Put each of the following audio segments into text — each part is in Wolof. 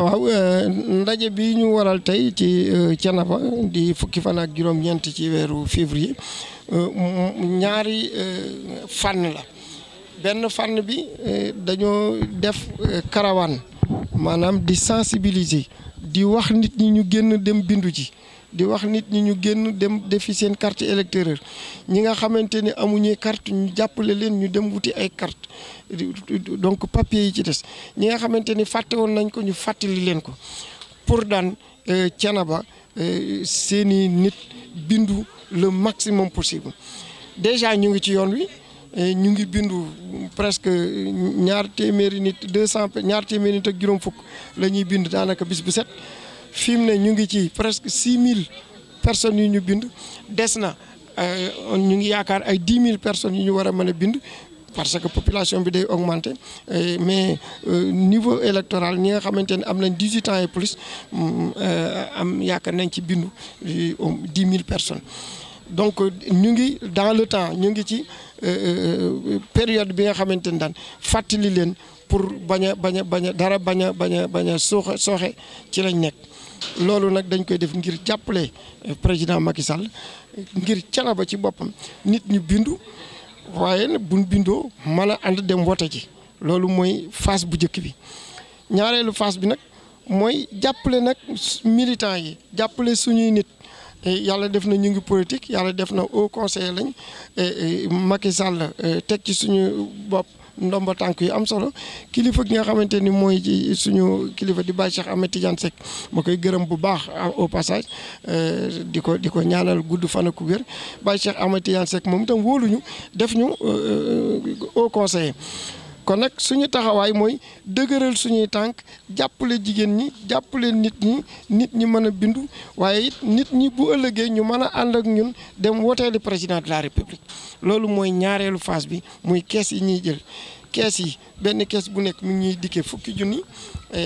waaw ndaje bi ñu waral tey ci euh, Thiénaba di fukki fan ak juróom-ñeent ci weeru février euh, ñaari euh, fànn la benn fànn bi dañoo def karawaan maanaam di sensibiliser di wax nit ñi ñu génn dem bindu ji di wax nit ñi ñu génn dem defi seen carte électeur ñi nga xamante ni amuñuy carte ñu jàppale leen ñu dem wuti ay carte donc papier yi ci des ñi nga xamante ni fàtte woon nañ ko ñu fàttali leen ko pour daan euh, Thiénaba euh, seeni nit bindu le maximum possible déjà ñu ngi ci yoon wi Eh, ñu ngi bindu presque ñaar téeméeri nit deux cent ñaar téeméeri nit juróom fukk la ñuy bind daanaka bis bu set fi mu ne ñu ngi ci presque six mille personne yu ñu bind des na eh, ñu ngi yaakaar ay dix mille personnes yu ñu war a mën a bind parce que population bi day augmenter eh, mais niveau électoral ñi nga xamante ne am nañ dix huit ans et plus mm, am yaakaar nañ ci bindu dix mille personnes. donc ñu ngi dans le temps ñu ngi ci euh, euh, euh, période bi nga xamante ni daan fàttali leen pour bañ a bañ a bañ dara bañ a bañ a bañ a suuxa sooxe ci lañ nekk loolu nag dañ koy def ngir jàppale président Macky Sall ngir canaba ci boppam nit ñu bindu waaye buñ bindoo mën a ànd dem wote ji loolu mooy phase bu njëkk bi ñaareelu phase bi nag mooy jàppale nag militants yi jàppale suñuy nit yàlla def na ñu ngi politique yàlla def na haut conseiller lañ Macky sàll euh, teg ci suñu bopp ndomba tànk yu am solo kilifa gi nga xamante ni mooy ci suñu kilifa di Baye Cheikh Ahmed Tidiane Seck ma koy gërëm bu baax euh, au passage euh, di ko di ko ñaanal gudd fan ak wér Baye Cheikh Ahmed Tidiane Seck moom itam wóoluñu def ñu haut conseiller kon nag suñu taxawaay mooy dëgëral suñuy tànk jàppale jigéen ñi jàppale nit ñi nit ñi mën a bindu waaye it nit ñi bu ëllëgee ñu mën a ànd ak ñun dem woteeli président de la république loolu mooy ñaareelu phase bi muy kees yi ñuy jël kees yi benn kees bu nekk mu ngi dikkee fukki junni e,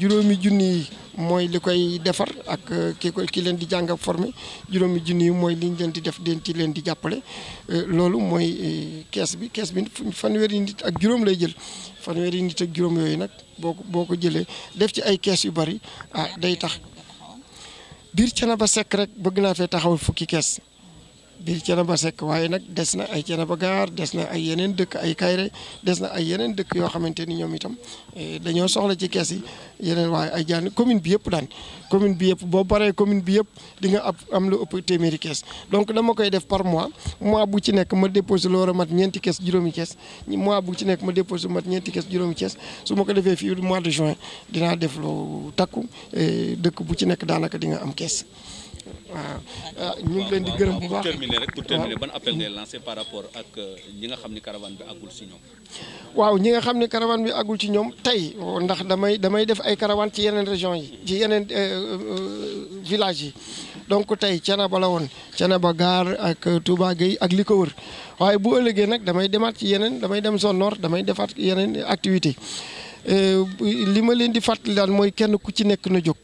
juróomi junni yi mooy li koy defar ak e, ki koy ki leen di jàng forme formé juróomi junni yi mooy liñ leen di def den leen di jàppale e, loolu mooy kees bi kees bi fanweeri nit ak juróom lay jël fanweeri nit ak juróom yooyu nag boo ko boo ko jëlee def ci ay kees yu bari ah day tax biir ba Seck rek bëgg naa fee taxawal fukki kees biir bi ba sekk waaye nag des na ay ba Gare des na ay yeneen dëkk ay Kayre des na ay yeneen dëkk yoo xamante ni ñoom itam eh, dañoo soxla ci kees yi yeneen waaye ay jaan commune bi yëpp daan commune bi yëpp boo paree commune bi yëpp di nga am lu ëpp kees donc dama koy def par mois mois bu ci nekk ma déposé loo war ñeenti kees juróomi kees mois bu ci nekk ma déposé mat ñeenti kees juróomi kees su ma ko defee fii mois de juin dinaa def lu takku eh, dëkk bu ci nekk daanaka di nga am kees. waaw euh, ñu ngi leen di gërëm bu baax pour terminer lancé par rapport ak euh, ñi nga xam ni caravane bi àggul si ñoom. waaw ñi nga xam ne caravane bi àggul ci ñoom tey ndax damay damay def ay caravane ci yeneen région yi ci yeneen euh, village yi donc tey Thiénaba la woon Thiénaba Gare ak Touba Gueye ak li ko wër waaye bu ëllëgee nag damay demaat ci yeneen damay dem zone nord damay defaat yeneen activité li ma leen di fàttali daal mooy kenn ku ci nekk na jóg.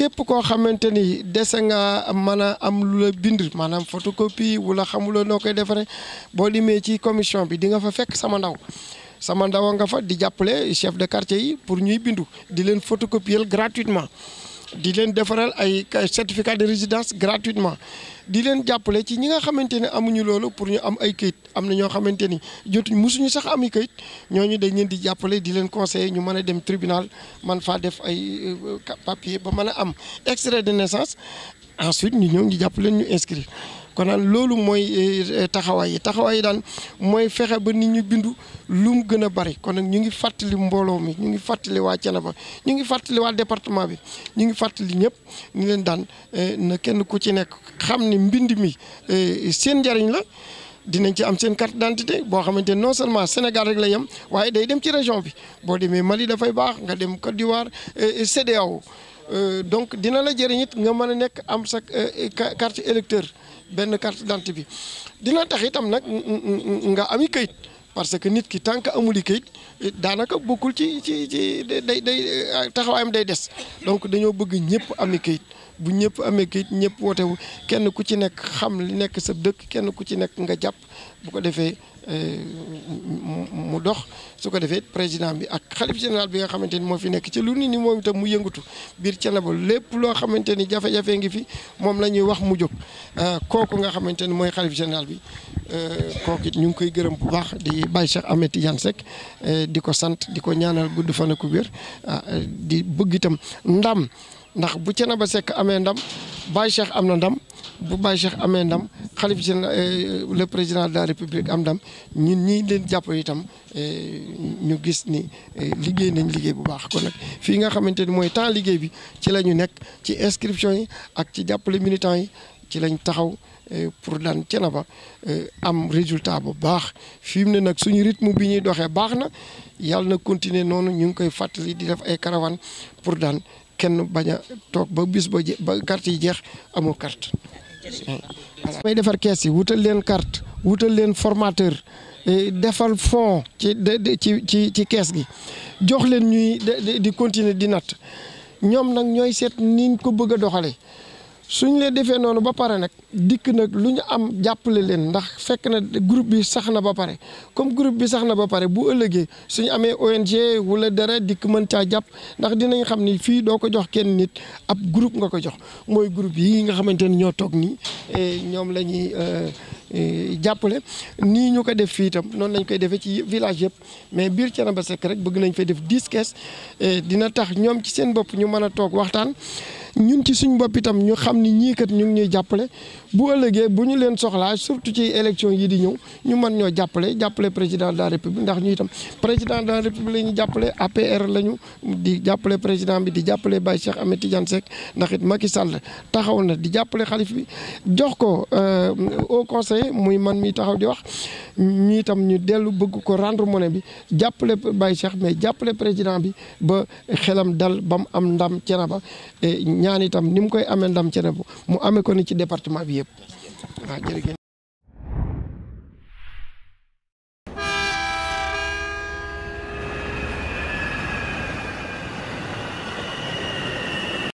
képp koo xamante ni dese nga mën a am lu la bind maanaam photocopie wala xamuloo noo koy defaree boo limee ci commission bi di nga fa fekk sama ndaw sama ndaw a nga fa di jàppale chef de quartier yi pour ñuy bindu di leen photocopier gratuitement di leen defaral ay certificat de résidence gratuitement di leen jàppale ci ñi nga xamante ne amuñu loolu pour ñu am ay këyit am na ñoo xamante ni jotuñ mosuñu sax am ay këyit ñu dañ leen di jàppale di leen conseiller ñu mën a dem tribunal man faa def ay euh, papier ba mën a am extrait de naissance ensuite ñu ñëw ñu jàpp leen ñu inscrire kon konaan loolu mooy eh, taxawaay yi taxawaay yi daan mooy fexe ba ni ñu bindu lu gën a bari kon nag ñu ngi fàttali mbooloo mi ñu ngi fàttali waa Thiénaba ñu ngi fàttali waa département bi ñu ngi fàttali ñëpp ni leen daan eh, na kenn ku ci nekk xam ni mbind mi eh, seen njariñ la dinañ ci am seen carte d'identité boo xamante non seulement Sénégal rek la yem waaye day dem ci région bi boo demee Mali dafay baax nga dem Côte d'Ivoire CEDEAO Euh, donc dina la jëriñ it nga mën a nekk am sa euh, carte électeur benn carte d'identité bi dina tax itam nag nga ami kayit parce que nit ki tant que amuli kayit daanaka bokkul ci ci ci day day euh, taxawaayam day des donc dañoo bëgg ñëpp ami kayit bu ñëpp amee kiit ñëpp wootewu kenn ku ci nekk xam li nekk sa dëkk kenn ku ci nekk nga jàpp bu ko defee euh, mu dox su ko defee président bi ak xalif général bi nga xamante ni moo fi nekk ci lu ni ni moom itam mu yëngatu biir Thiénaba lépp loo xamante ni jafe ngi fi moom la ñuy wax mu jóg euh, kooku nga xamante ni mooy xalif général bi euh, kooku it ñu ngi koy gërëm bu baax di Baye Cheikh Ahmed Tidiane Seck di ko sant di ko ñaanal gudd fan ak wér ah, di bëgg itam ndam. ndax bu Thiénaba sekk amee ndam Baye Cheikh am na ndam bu Baye amee ndam xalif bi euh, le président de la république am ndam ñun ñii leen jàpp itam euh, ñu gis ni euh, liggéey nañ liggéey bu baax kon nag fii nga xamante ni mooy temps liggéey bi ci la ñu nekk ci inscription yi ak ci jàppale militants yi ci lañ taxaw pour daan Thiénaba am résultat bu baax fi mu ne nag suñu rythme bi ñuy doxee baax na yàlla na continuer noonu ñu ngi koy fàttali di def ay caravane pour daan kenn bañ a toog ba bis ba ba carte yi jeex amoo carte voilà may defar kees yi wutal leen carte wutal leen formateur eh, defal fond ci ci ci ci kees gi jox leen ñuy di continuer di natt ñoom nag ñooy seet niñ ko bëgg a doxalee suñ leen defee noonu ba pare nag dikk nag lu ñu am jàppale leen ndax fekk na groupe bi sax na ba pare comme groupe bi sax na ba pare bu ëllëgee suñu amee ONG wala dara dikk mën caa jàpp ndax dinañ xam ni fii doo ko jox kenn nit ab groupe nga ko jox mooy groupe yi nga xamante ni ñoo toog nii eh, ñoom la ñuy euh, eh, jàppale nii ñu ko def fii itam noonu lañ koy defee ci village yëpp mais biir Thiénaba sekk rek bëgg nañ fee def dix caisses eh, dina tax ñoom ci seen bopp ñu mën a toog waxtaan ñun ci suñ bopp itam ñu xam ni ñii kat ñu ngi ñuy jàppale bu ëllëgee bu ñu leen soxlaa surtout ci élection yi di ñëw ñu mën ñoo jàppale jàppale président de la république ndax ñu itam président de la république la ñu jàppale la ñu di jàppale président bi di jàppale bay Cheikh Ahmed Tidiane Seck ndax it Macky Sall taxaw na di jàppale xalif bi jox ko euh, au conseil muy man mi taxaw di wax ñi itam ñu dellu bëgg ko rendre monnaie bi jàppale Baye Cheikh jàppale président bi ba xelam dal ba mu am ndam cena ba ñaan itam ni mu koy amee ndam Thiénaba mu amee ko ni ci département bi yëpp